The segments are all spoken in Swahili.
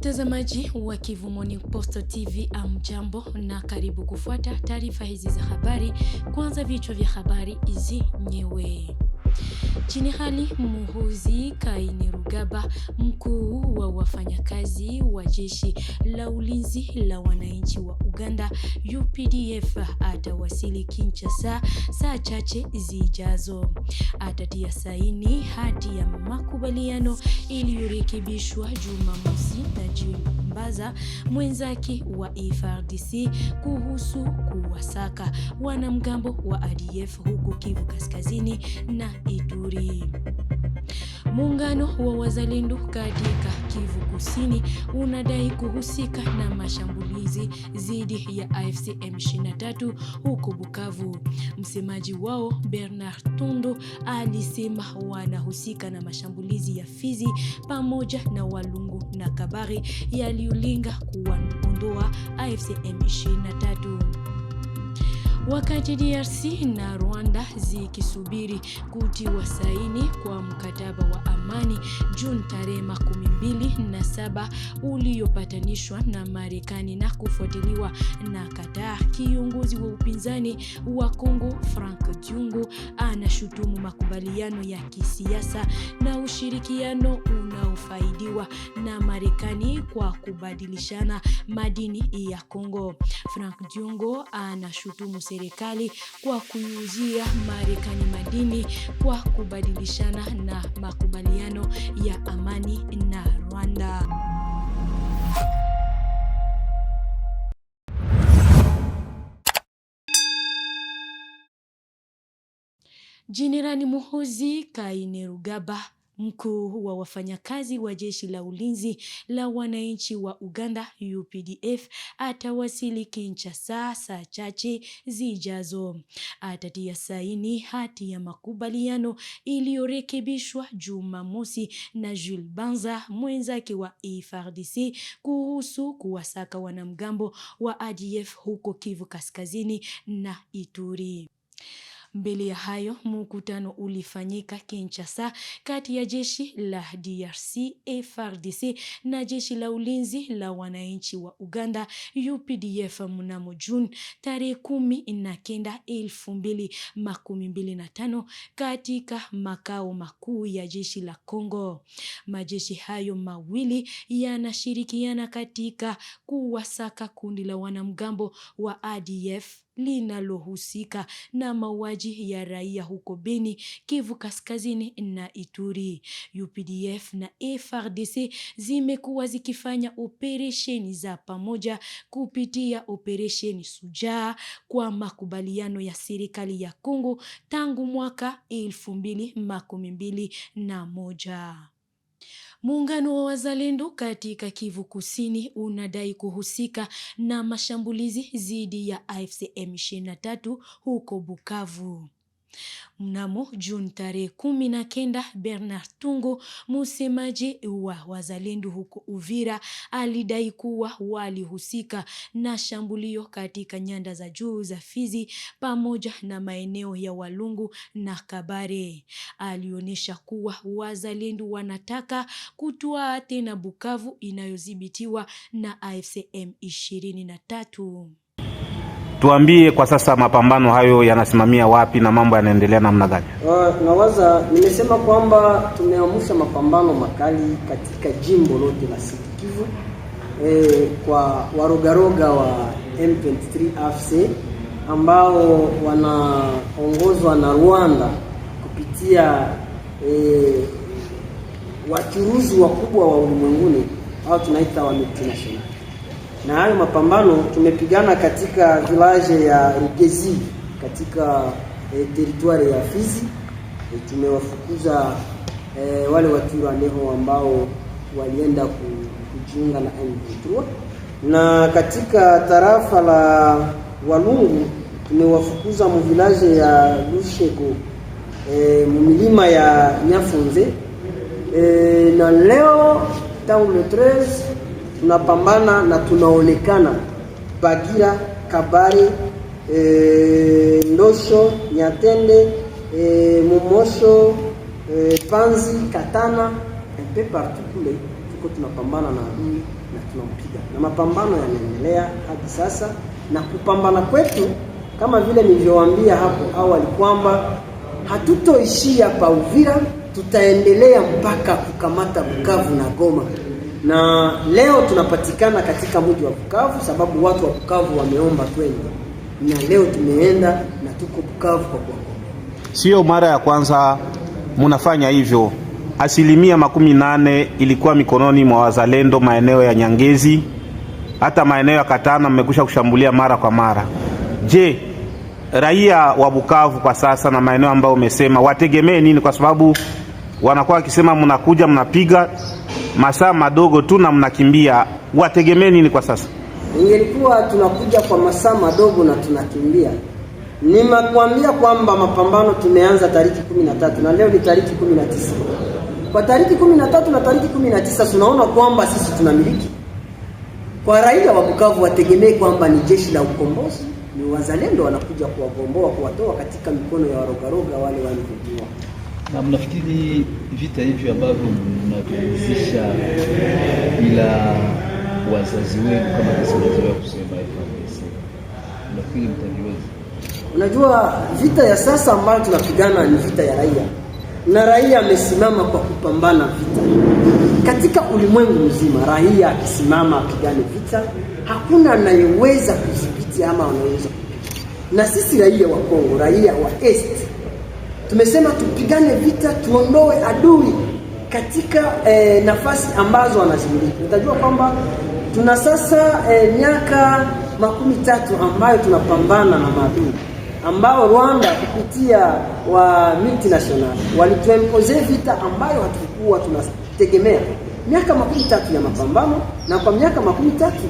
Mtazamaji wa Kivu Morning Post TV, amjambo na karibu kufuata taarifa hizi za habari. Kwanza vichwa vya habari hizi nyewe. Jenerali kaini Kainerugaba, mkuu wa wafanyakazi wa jeshi la ulinzi la wananchi wa Uganda UPDF atawasili Kinshasa saa chache zijazo. Atatia saini hati ya makubaliano iliyorekebishwa Jumamosi na Jimbaza mwenzake wa e frdc kuhusu kuwasaka wanamgambo wa ADF huko Kivu Kaskazini na Ituri. Muungano wa wazalendo katika Kivu Kusini unadai kuhusika na mashambulizi dhidi ya AFC M23 huko Bukavu. Msemaji wao Bernard Tondo alisema wanahusika na mashambulizi ya Fizi pamoja na Walungu na Kabare yaliyolenga kuwaondoa AFC M23. Wakati DRC na Rwanda zikisubiri kutiwa saini kwa mkataba wa amani Juni tarehe makumi mbili na saba uliopatanishwa na Marekani na kufuatiliwa na Qatar, kiongozi wa upinzani wa Kongo Frank Jungu anashutumu makubaliano ya kisiasa na ushirikiano unaofaidiwa na Marekani kwa kubadilishana madini ya Kongo. Frank Jungu anashutumu serikali kwa kuiuzia Marekani madini kwa kubadilishana na makubaliano ya amani na Rwanda. Jenerali Muhoozi Kainerugaba Mkuu wa wafanyakazi wa jeshi la ulinzi la wananchi wa Uganda UPDF atawasili Kinshasa saa chache zijazo. Atatia saini hati ya makubaliano iliyorekebishwa Jumamosi na Jules Banza mwenzake wa e FARDC kuhusu kuwasaka wanamgambo wa ADF huko Kivu Kaskazini na Ituri. Mbele ya hayo, mkutano ulifanyika Kinshasa kati ya jeshi la DRC frdc na jeshi la ulinzi la wananchi wa Uganda UPDF mnamo Juni tarehe kumi na kenda elfu mbili makumi mbili na tano katika makao makuu ya jeshi la Kongo. Majeshi hayo mawili yanashirikiana katika kuwasaka kundi la wanamgambo wa ADF linalohusika na mauaji ya raia huko Beni, Kivu Kaskazini na Ituri. UPDF na frdc zimekuwa zikifanya operesheni za pamoja kupitia operesheni Sujaa kwa makubaliano ya serikali ya Kongo tangu mwaka elfu mbili makumi mbili na moja. Muungano wa Wazalendo katika Kivu Kusini unadai kuhusika na mashambulizi dhidi ya AFC M23 huko Bukavu. Mnamo Juni tarehe kumi na kenda, Bernard Tungo, msemaji wa wazalendo huko Uvira, alidai kuwa walihusika na shambulio katika nyanda za juu za Fizi pamoja na maeneo ya Walungu na Kabare. Alionyesha kuwa wazalendo wanataka kutoa tena Bukavu inayodhibitiwa na AFC M23 tuambie kwa sasa mapambano hayo yanasimamia wapi na mambo yanaendelea namna gani? Uh, ah, nawaza nimesema kwamba tumeamsha mapambano makali katika jimbo lote la sikivu e, eh, kwa warogaroga wa M23 AFC ambao wanaongozwa na Rwanda kupitia e, wachuruzi wakubwa wa ulimwenguni au tunaita wa multinational na hayo mapambano tumepigana katika village ya Rugezi katika e, eh, teritwari ya Fizi e, tumewafukuza e, wale neho ambao walienda kujiunga na M23, na katika tarafa la Walungu tumewafukuza muvilaje ya lusheko e, mumilima ya Nyafunze e, na leo tangu le 13 tunapambana na tunaonekana Bagira, Kabare, e, Ndosho, Nyatende, e, eh, Momosho, e, eh, Panzi, Katana mpe partout kule tuko tunapambana na adui na tunampiga, na mapambano yanaendelea hadi sasa. Na kupambana kwetu kama vile nilivyowaambia hapo awali kwamba hatutoishia pa Uvira, tutaendelea mpaka kukamata Bukavu na Goma na leo tunapatikana katika mji wa Bukavu sababu watu wa Bukavu wameomba kwenda na leo tumeenda na tuko Bukavu kwa kwa. Sio mara ya kwanza munafanya hivyo. Asilimia makumi nane ilikuwa mikononi mwa wazalendo maeneo ya Nyangezi, hata maeneo ya Katana mmekusha kushambulia mara kwa mara. Je, raia wa Bukavu kwa sasa na maeneo ambayo umesema wategemee nini? Kwa sababu wanakuwa wakisema mnakuja mnapiga masaa madogo tu na mnakimbia, wategemee nini kwa sasa? Ingelikuwa tunakuja kwa masaa madogo na tunakimbia. nimekuambia kwamba mapambano tumeanza tariki kumi na tatu na leo ni tariki kumi na tisa Kwa tariki kumi na tatu na tariki kumi na tisa tunaona kwamba sisi tunamiliki. Kwa raia wa Bukavu wategemee kwamba ni jeshi la ukombozi, ni wazalendo wanakuja kuwagomboa, kuwatoa katika mikono ya warogaroga wale walivugiwa. Na mnafikiri vita hivyo ambavyo mnavianzisha bila wazazi wenu kama jinsi mnazoea kusema FARDC, mnafikiri mtaviwezi Unajua, vita ya sasa ambayo tunapigana ni vita ya raia, na raia amesimama kwa kupambana vita katika ulimwengu mzima. Raia akisimama apigane vita, hakuna anayeweza kudhibiti ama anayeweza kupigana. Na sisi raia wa Kongo, raia wa est Tumesema tupigane vita, tuondoe adui katika e, nafasi ambazo anazimiliki. Utajua kwamba tuna sasa e, miaka makumi tatu ambayo tunapambana na maadui ambao Rwanda kupitia wa multinational walituempoze vita ambayo hatukuwa tunategemea. Miaka makumi tatu ya mapambano, na kwa miaka makumi tatu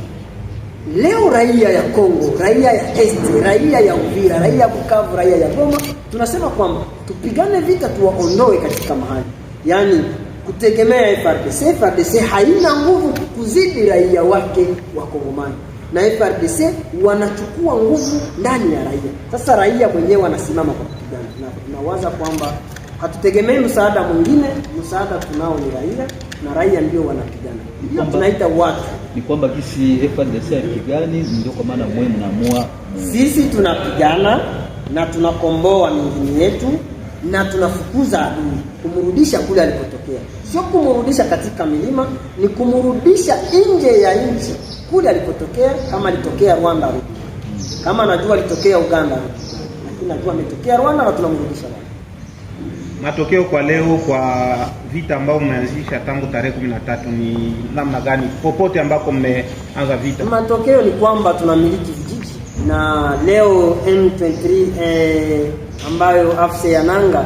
Leo raia ya Kongo, raia ya Este, raia ya Uvira, raia ya Bukavu, raia ya Goma tunasema kwamba tupigane vita, tuwaondoe katika mahali, yaani kutegemea FRDC. FRDC haina nguvu kuzidi raia wake wa Kongomani, na FRDC wanachukua nguvu ndani ya raia. Sasa raia mwenyewe wanasimama kwa kupigana, na tunawaza kwamba Hatutegemei msaada mwingine, msaada tunao ni raia na raia ndio wanapigana, tunaita watu. Ni kwamba kisi fdc yapigani, ndio kwa maana mwe mnaamua. Sisi tunapigana na tunakomboa mingini yetu na tunafukuza adui, kumrudisha kule alipotokea sio kumrudisha katika milima, ni kumrudisha nje ya nchi kule alipotokea Kama alitokea Rwanda rudi, kama najua alitokea Uganda rudi, lakini najua ametokea Rwanda na tunamrudisha Rwanda. Matokeo kwa leo kwa vita ambayo mmeanzisha tangu tarehe kumi na tatu ni namna gani, popote ambako mmeanza vita? Matokeo ni kwamba tunamiliki vijiji na leo M23 eh, ambayo afse ya nanga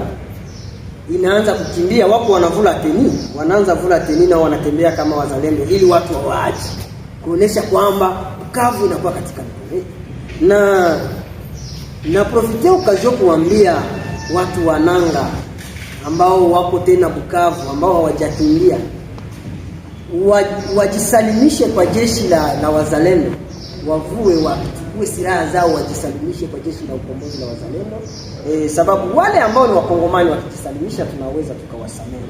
inaanza kukimbia, wako wanavula teni, wanaanza vula teni na wanatembea kama wazalendo, ili watu wawaache kuonesha kwamba kavu inakuwa katika mikono na na profitia ukazio kuambia watu wa nanga ambao wapo tena Bukavu ambao hawajakimbia wajisalimishe kwa jeshi la, la wazalendo, wavue wachukue silaha zao wajisalimishe kwa jeshi la ukombozi la wazalendo e, sababu wale ambao ni wakongomani wakijisalimisha tunaweza tukawasamehe,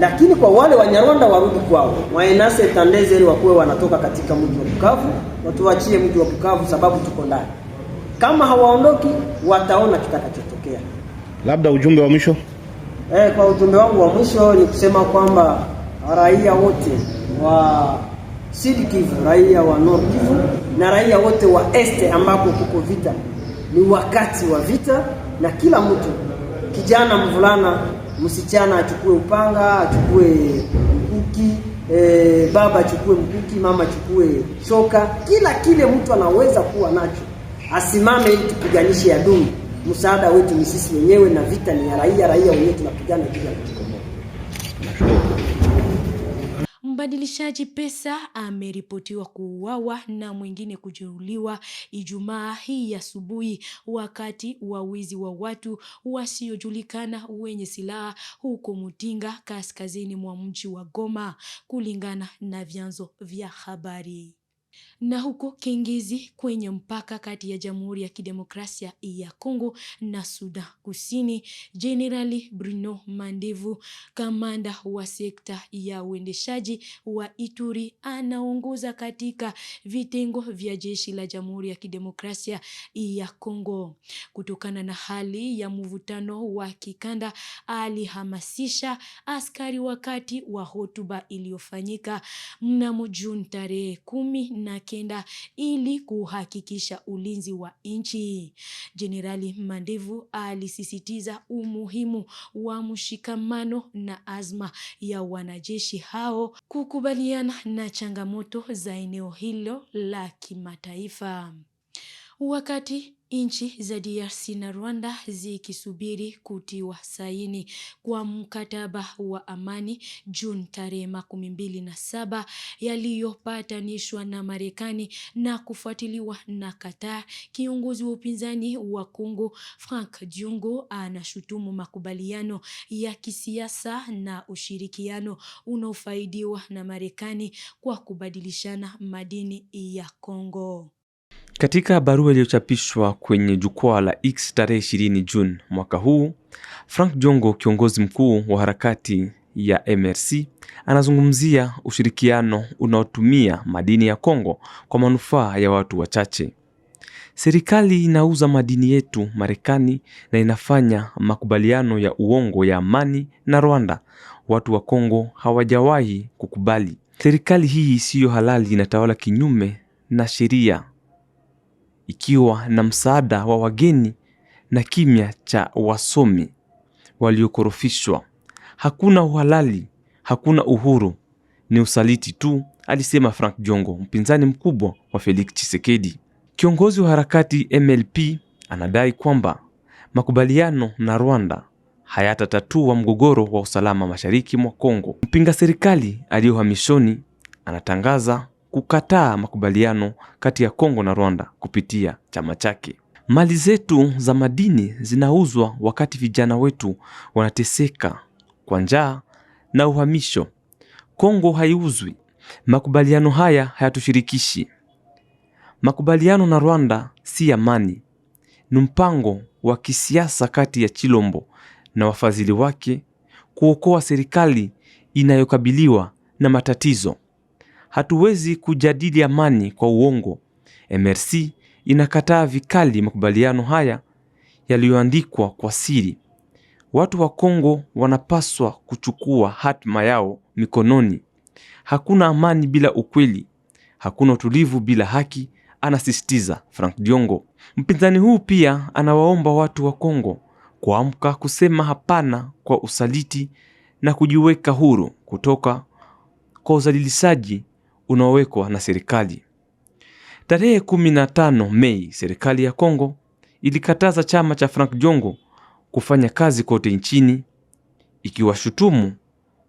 lakini kwa wale Wanyarwanda warudi kwao, waenase ili wakuwe wanatoka katika mji wa Bukavu, watuachie mji wa Bukavu sababu tuko ndani. Kama hawaondoki wataona kitakachotokea. Labda ujumbe wa mwisho Eh, kwa ujumbe wangu wa mwisho ni kusema kwamba raia wote wa Sud Kivu, raia wa Nord Kivu na raia wote wa este ambapo kuko vita, ni wakati wa vita, na kila mtu, kijana, mvulana, msichana, achukue upanga, achukue mkuki E, baba achukue mkuki, mama achukue shoka, kila kile mtu anaweza kuwa nacho, asimame ili tupiganishe ya dumu msaada wetu ni sisi wenyewe, na vita ni ya raia, raia wenyewe tunapigana juu ya Mbadilishaji pesa ameripotiwa kuuawa na mwingine kujeruhiwa Ijumaa hii asubuhi wakati wa wizi wa watu wasiojulikana wenye silaha huko Mutinga, kaskazini mwa mji wa Goma, kulingana na vyanzo vya habari na huko kingizi kwenye mpaka kati ya Jamhuri ya Kidemokrasia ya Kongo na Sudan Kusini, Jenerali Bruno Mandevu, kamanda wa sekta ya uendeshaji wa Ituri, anaongoza katika vitengo vya jeshi la Jamhuri ya Kidemokrasia ya Kongo. Kutokana na hali ya mvutano wa kikanda, alihamasisha askari wakati wa hotuba iliyofanyika mnamo Juni tarehe kumi na kenda ili kuhakikisha ulinzi wa nchi. Jenerali Mandevu alisisitiza umuhimu wa mshikamano na azma ya wanajeshi hao kukubaliana na changamoto za eneo hilo la kimataifa wakati nchi za DRC na Rwanda zikisubiri kutiwa saini kwa mkataba wa amani Juni tarehe makumi mbili na saba yaliyopatanishwa na Marekani na kufuatiliwa na Qatar. Kiongozi wa upinzani wa Kongo Frank Diongo anashutumu makubaliano ya kisiasa na ushirikiano unaofaidiwa na Marekani kwa kubadilishana madini ya Kongo. Katika barua iliyochapishwa kwenye jukwaa la X tarehe 20 Juni mwaka huu, Frank Jongo, kiongozi mkuu wa harakati ya MRC, anazungumzia ushirikiano unaotumia madini ya Kongo kwa manufaa ya watu wachache. Serikali inauza madini yetu Marekani na inafanya makubaliano ya uongo ya amani na Rwanda. Watu wa Kongo hawajawahi kukubali. Serikali hii isiyo halali inatawala kinyume na sheria ikiwa na msaada wa wageni na kimya cha wasomi waliokorofishwa. Hakuna uhalali, hakuna uhuru, ni usaliti tu, alisema Frank Jongo, mpinzani mkubwa wa Felix Tshisekedi. Kiongozi wa harakati MLP anadai kwamba makubaliano na Rwanda hayatatatua mgogoro wa usalama mashariki mwa Kongo. Mpinga serikali aliyohamishoni anatangaza kukataa makubaliano kati ya Kongo na Rwanda kupitia chama chake. Mali zetu za madini zinauzwa wakati vijana wetu wanateseka kwa njaa na uhamisho. Kongo haiuzwi, makubaliano haya hayatushirikishi. Makubaliano na Rwanda si amani, ni mpango wa kisiasa kati ya Chilombo na wafadhili wake kuokoa serikali inayokabiliwa na matatizo. Hatuwezi kujadili amani kwa uongo. MRC inakataa vikali makubaliano haya yaliyoandikwa kwa siri. Watu wa Kongo wanapaswa kuchukua hatima yao mikononi. Hakuna amani bila ukweli, hakuna utulivu bila haki, anasisitiza Frank Diongo. Mpinzani huu pia anawaomba watu wa Kongo kuamka kusema hapana kwa usaliti na kujiweka huru kutoka kwa uzalilishaji unaowekwa na serikali. Tarehe 15 Mei, serikali ya Kongo ilikataza chama cha Frank Jongo kufanya kazi kote nchini ikiwashutumu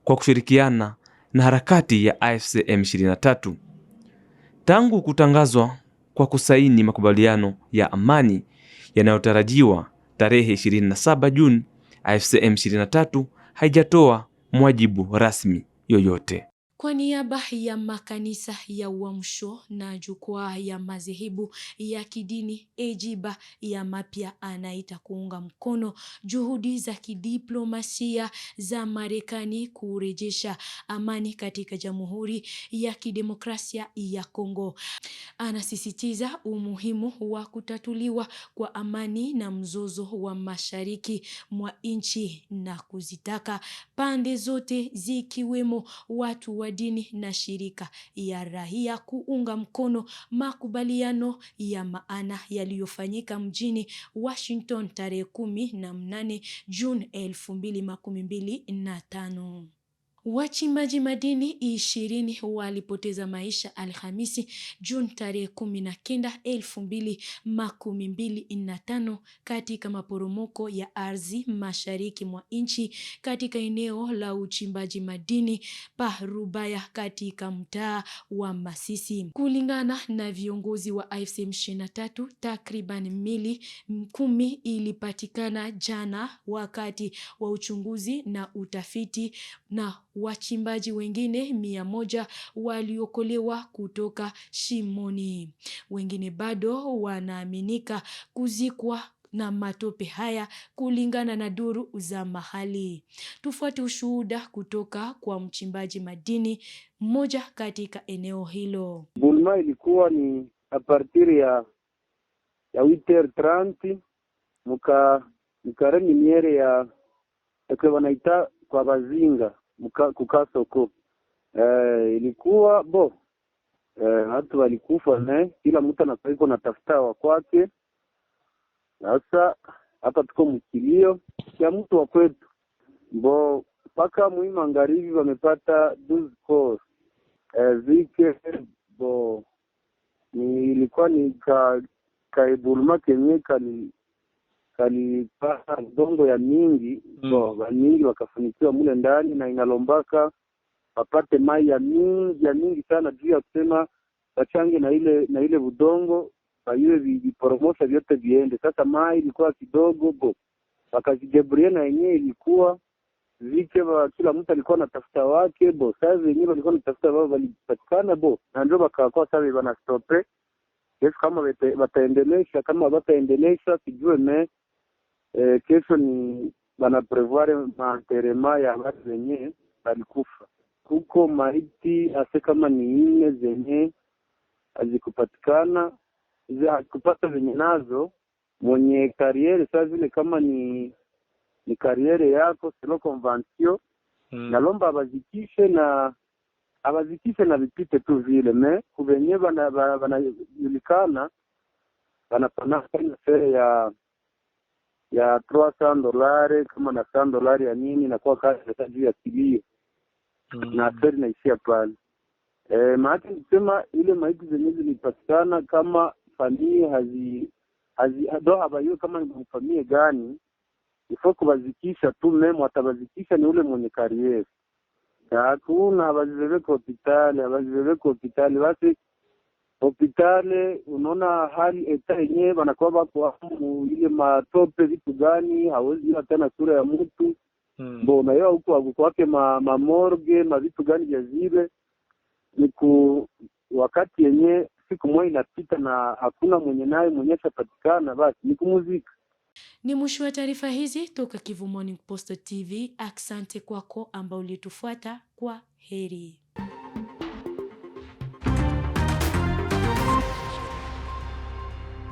kwa kushirikiana na harakati ya AFC M23. Tangu kutangazwa kwa kusaini makubaliano ya amani yanayotarajiwa tarehe 27 Juni, AFC M23 haijatoa mwajibu rasmi yoyote. Kwa niaba ya makanisa ya Uamsho na Jukwaa ya Madhehebu ya Kidini ejiba ya mapya anaita kuunga mkono juhudi za kidiplomasia za Marekani kurejesha amani katika Jamhuri ya Kidemokrasia ya Kongo. Anasisitiza umuhimu wa kutatuliwa kwa amani na mzozo wa mashariki mwa nchi na kuzitaka pande zote zikiwemo watu wa wa dini na shirika ya raia kuunga mkono makubaliano ya maana yaliyofanyika mjini Washington tarehe kumi na mnane Juni elfu mbili makumi mbili na tano. Wachimbaji madini ishirini walipoteza maisha Alhamisi, Juni tarehe kumi na kenda elfu mbili makumi mbili na tano katika maporomoko ya ardhi mashariki mwa nchi katika eneo la uchimbaji madini pa Rubaya katika mtaa wa Masisi. Kulingana na viongozi wa AFC/M23, takriban mili kumi ilipatikana jana wakati wa uchunguzi na utafiti na wachimbaji wengine mia moja waliokolewa kutoka shimoni. Wengine bado wanaaminika kuzikwa na matope haya kulingana na duru za mahali. Tufuate ushuhuda kutoka kwa mchimbaji madini mmoja katika eneo hilo. Bulma ilikuwa ni apartiri ya ya witer tranti mukareni miere ya yakwe wanaita kwa bazinga muka, kukaa soko eh, ilikuwa bo eh, watu walikufa ne, kila mtu anakaiko na tafuta wa kwake. Sasa hapa tuko mkilio ya mtu wa kwetu bo mpaka mwi magharibi wamepata dusko eh, zike bo ni ilikuwa ni ka kaibuluma kenye kani kalipata dongo ya mingi mm. so baningi wakafunikiwa mule ndani na inalombaka wapate mai ya mingi ya mingi sana juu ya kusema wachange na ile na ile budongo baiwe viporomosha vyote viende. Sasa mai ilikuwa kidogo bo, wakazijeburia na yenyewe ilikuwa vike wa kila mtu alikuwa anatafuta wake bo, saa zenyewe walikuwa natafuta wao walipatikana bo, na ndio bakakuwa sasa wanastope yesu kama wataendelesha kama wataendelesha sijue me Eh, kesho ni banaprevare maanterema ya watu zenye balikufa. Kuko maiti ase kama ni nne zenye hazikupatikana hazikupata zenye nazo mwenye kariere saa zile kama ni ni kariere yako sino convention mm. nalomba abazikishe na abazikishe na vipite tu vile me kuvenye banajulikana bana, bana, ya ya dolari kama na dolari ya nini inakuwa kazi juu ya kilio mm. na aferi inaishia pale e, maanake nikisema ile maiti zenye zilipatikana kama famii hazi hazi do habayue kama ni famie gani ifo kubazikisha tu meme watabazikisha ni ule mwenye kariere hakuna abazibebeka hopitali abazibebeka hopitali basi hospitali, unaona hali eta yenyewe wanakuwa wako hapo ile matope, vitu gani hawezi ona tena sura ya mtu hmm. Bo nayo huko akukwake ma, ma morgue vitu gani vya zile ni ku wakati yenye siku moja inapita na hakuna mwenye naye mwenye shapatikana, basi ni kumuzika ni mwisho wa taarifa hizi toka Kivu Morning Post TV. Asante kwako ambao ulitufuata. Kwa heri.